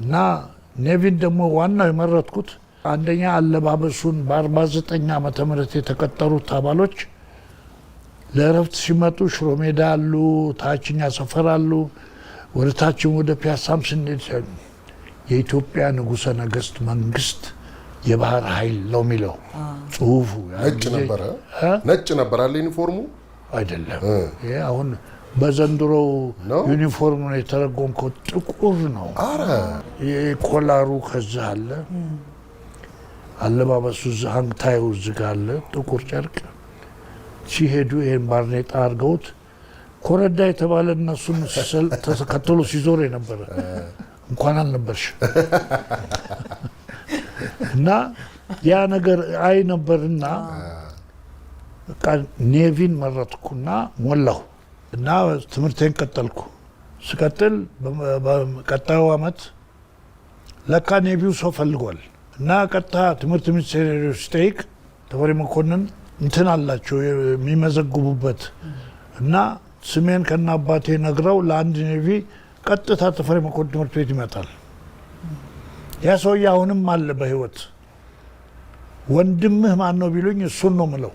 እና ኔቪን ደግሞ ዋናው የመረጥኩት አንደኛ አለባበሱን በ49 ዓመተ ምህረት የተቀጠሩት አባሎች ለእረፍት ሲመጡ ሽሮ ሜዳ አሉ፣ ታችኛ ሰፈር አሉ፣ ወደ ታችን ወደ ፒያሳም ስንሄድ የኢትዮጵያ ንጉሠ ነገሥት መንግስት የባህር ኃይል ነው የሚለው ጽሁፉ። ነጭ ነበረ ነጭ አለ ዩኒፎርሙ አይደለም አሁን በዘንድሮ ዩኒፎርም ነው የተረጎምከው። ጥቁር ነው ኮላሩ፣ ከዛ አለ አለባበሱ፣ ሀንግታዩ ዝጋ አለ ጥቁር ጨርቅ። ሲሄዱ ይሄን ባርኔጣ አድርገውት ኮረዳ የተባለ እነሱን ተከትሎ ሲዞር የነበረ እንኳን አልነበርሽ እና ያ ነገር አይ ነበርና ኔቪን መረጥኩና ሞላሁ። እና ትምህርቴን ቀጠልኩ። ስቀጥል ቀጣዩ አመት ለካ ኔቪው ሰው ፈልጓል እና ቀጥታ ትምህርት ሚኒስቴር ስጠይቅ ተፈሪ መኮንን እንትን አላቸው የሚመዘግቡበት እና ስሜን ከና አባቴ ነግረው ለአንድ ኔቪ ቀጥታ ተፈሪ መኮንን ትምህርት ቤት ይመጣል። ያ ሰውዬ አሁንም አለ በህይወት። ወንድምህ ማን ነው ቢሉኝ እሱን ነው ምለው።